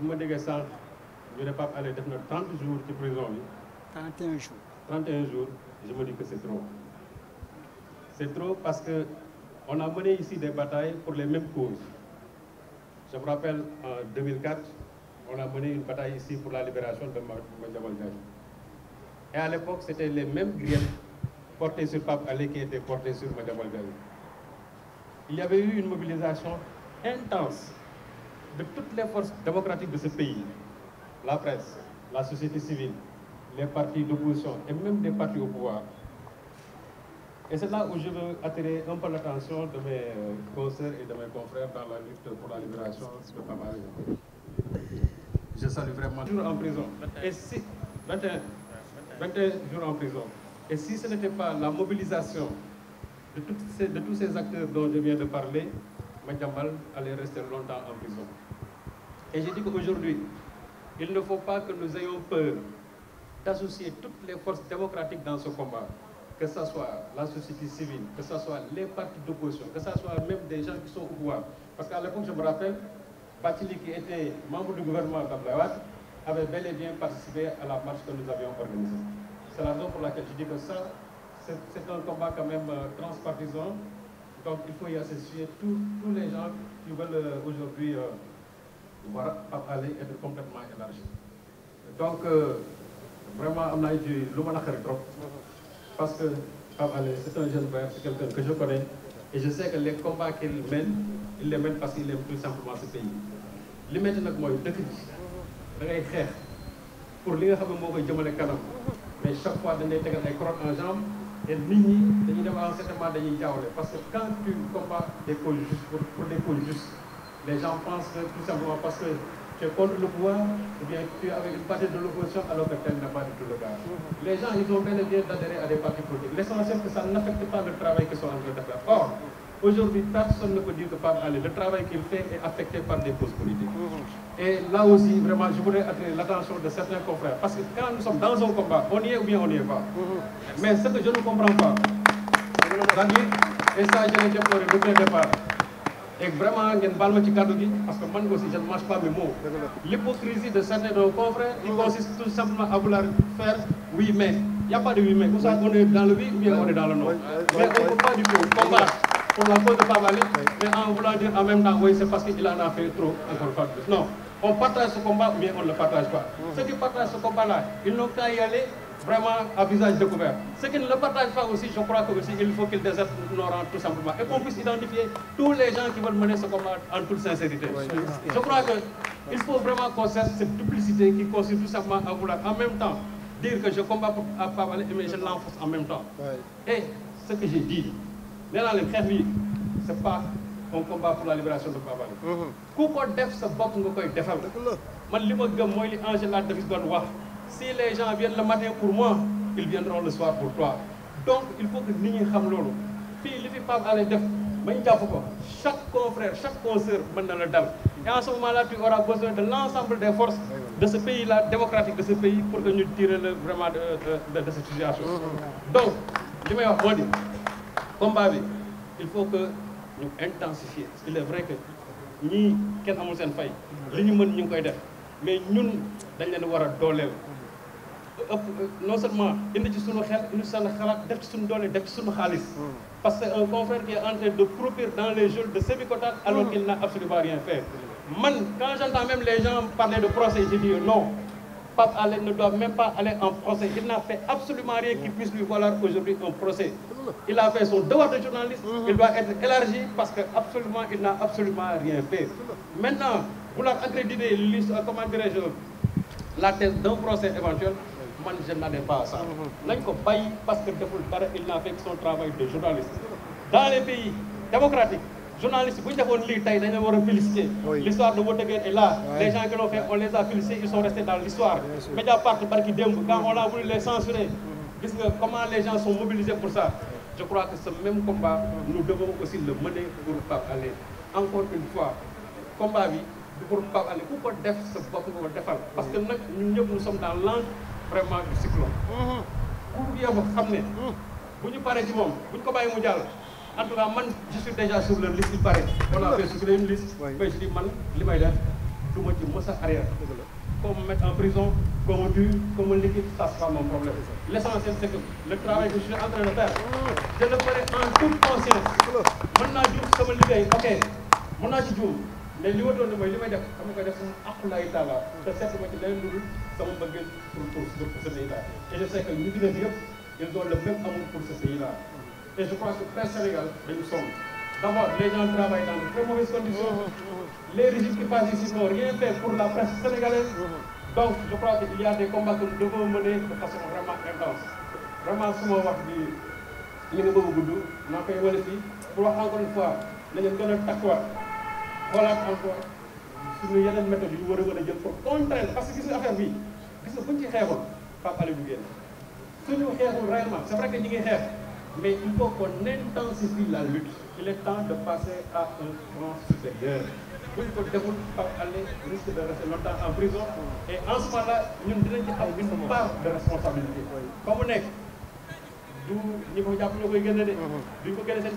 ma 30 jours 31 jours 31 jours je me dis que c'est trop. C'est trop parce que on a mené ici des batailles pour les mêmes causes. Je me rappelle en 2004, on a mené une bataille ici pour la libération de Madia Et à l'époque, c'était les mêmes griefs portés sur Pape qui étaient portés sur Madia Il y avait eu une mobilisation intense de toutes les forces démocratiques de ce pays, la presse, la société civile, les partis d'opposition et même des partis au pouvoir. Et c'est là où je veux attirer un peu l'attention de mes conseils et de mes confrères dans la lutte pour la libération de Je salue vraiment. Jours en prison. Et si, 21, jours en prison. Et si ce n'était pas la mobilisation de, tous ces acteurs dont je viens de parler, Madjambal allait rester longtemps en prison. Et je dis qu'aujourd'hui, il ne faut pas que nous ayons peur d'associer toutes les forces démocratiques dans ce combat, que ce soit la société civile, que ce soit les partis d'opposition, que ce soit même des gens qui sont au pouvoir. Parce qu'à l'époque, je me rappelle, Batili, qui était membre du gouvernement d'Abrahat, avait bel et bien participé à la marche que nous avions organisée. C'est la raison pour laquelle je dis que ça, c'est un combat quand même euh, transpartisan. Donc il faut y associer tous les gens qui veulent euh, aujourd'hui euh, pour a aller être complètement élargi donc euh, vraiment on a eu du trop parce que Pape c'est un jeune frère c'est quelqu'un que je connais et je sais que les combats qu'il mène il les mène parce qu'il aime tout simplement ce pays li metti de mooy dëkk ji da ngay pour li nga xam ne koy mais chaque fois dañ lay tegal ay un en jambe et nit ñi dañuy def en certainement dañuy jaawle parce que quand tu combats des causes justes pour des causes justes les gens pensent tout simplement parce que tu es contre le pouvoir, ou bien tu es avec une partie de l'opposition alors que tel n'est pas du tout le cas. Mhm. Les gens, ils ont bien le bien d'adhérer à des partis politiques. L'essentiel, que ça n'affecte pas le travail qu'ils sont en train de faire. Or, aujourd'hui, personne ne peut dire que le travail qu'il fait est affecté par des causes politiques. Mhm. Et là aussi, vraiment, je voudrais attirer l'attention de certains confrères. Parce que quand nous sommes dans un combat, on y est ou bien on n'y est pas. Mhm. Mais ce que je ne comprends pas, et ça, je l'ai déploré depuis le départ, et vraiment, a baal ma ci de gi parce que moi aussi je ne mange pas mes mots. L'hypocrisie de certains de nos confrères, il consiste tout simplement à vouloir faire oui mais. Il n'y a pas de oui mais. Vous savez, on est dans le oui ou bien on est dans le non. Mais on ne peut pas du tout combattre pour la cause de Pape mais en voulant dire en même temps oui c'est parce qu'il en a fait trop encore plus. Non, on partage ce combat ou bien on ne le partage pas. Ceux qui partagent ce combat-là, ils n'ont qu'à y aller vraiment à visage découvert. ce qui ne le partagent pas aussi, je crois qu'il il faut qu'il désertent nos tout simplement. Et qu'on puisse identifier tous les gens qui veulent mener ce combat en toute sincérité. je crois qu'il faut vraiment qu'on cette duplicité qui consiste tout simplement à vouloir en même temps dire que je combat pour la et mais je l'enfonce en même temps. Et ce que j'ai dit, dans les c'est pas un combat pour la libération de Babal. Pourquoi mhm. def ce bop nga koy defal. Man lima gëm moy li Angela Davis si les gens viennent le matin pour moi ils viendront le soir pour toi donc il faut que ni ñi xam loolu fii li fi Pape Alé def bañ faut ko chaque confrère chaque consoeur mën na la et en ce moment là tu auras besoin de l'ensemble des forces de ce pays là démocratique de ce pays pour que nous tirer le vraiment de cette situation donc je may wax moo combat bi il faut que nous intensifions. il est vrai que nous, qui amul en fay de ñu nous ñu koy def mais nous, dañ leen war de euh, non seulement il ne dit pas indi def ci hmm. parce que un confrère qui est en train de croupir dans les jours de Sébicota, alors hmm. qu'il n'a absolument rien fait. quand j'entends même les gens parler de procès, je dis non. Pape ne doit même pas aller en procès. Il n'a fait absolument rien qui puisse lui valoir aujourd'hui un procès. Il a fait son devoir de journaliste, hmm. il doit être élargi parce que absolument, il n'a absolument rien fait. Maintenant, vouloir accréditer, comment dirais-je, la thèse d'un procès éventuel, je je n'allais pas à ça. nañ ko parce que deful il fait son travail de journaliste. dans les pays démocratiques journalistes vous avez defoon fait tey dañ leen war l'histoire de Wade et est là. les gens qui l'ont fait on les a félicités ils sont restés dans l'histoire histoire. parti barki quand on a voulu les censurer. comment les gens sont mobilisés pour ça. je crois que ce même combat nous devons aussi le mener pour Pape aller. encore une fois combat bi pour pour Pape aller. Pourquoi ne def sa bopp parce que nous sommes dans l'angle vraiment du cyclone. pour mhm. yéexu xam ne. Mhm. bu ñu paree ci moom bu ñu ko bàyyi mu jàll. en tout cas man je suis déjà sur le liste il paraît. on a fait sur une liste. waay mais man li may def du ma ci mos a arrière. qu'on me mette en prison, qu'on me tue, qu'on me liquide, ça sera mon problème. L'essentiel, c'est que le travail que je suis en train de faire, mhm. je le ferai en toute conscience. Maintenant, je me ligue, ok. Maintenant, je mais li ma doon ne mooy li may def xam nga koy def sama aqulaayu taalaa te seetlu ma ci leneen lu dul sama mbëggeel pour pour pour et je sais que ñu gineen yëpp ils ont le même amour pour ce pays là et je crois que presse Sénégal dañu sonn d'abord les gens travaillent dans de très mauvaises conditions les régimes qui passent ici n'ont rien fait pour la presse sénégalaise donc je crois qu'il y a des combats que nous devons mener de façon vraiment intense vraiment su wax bi li nga bëgg a gudd maa koy wane fii pour wax encore une fois nañu gën a takkuwaat voilà encore si nous y allons war a war a jël pour contraindre parce que gis affaire bi gis nga buñ ci xeexul Pape Alé du génn suñu xeexul réellement c'est vrai que ñi ngi xeex mais il faut qu'on intensifie la lutte il est temps de passer à un grand supérieur buñ ko deful Pape Alé risque de rester longtemps en prison et en ce moment là ñun dinañ ci am une part de responsabilité Comme mu nekk du ñi ko jàpp ñoo koy génne de hum, hum. duñ ko génne seen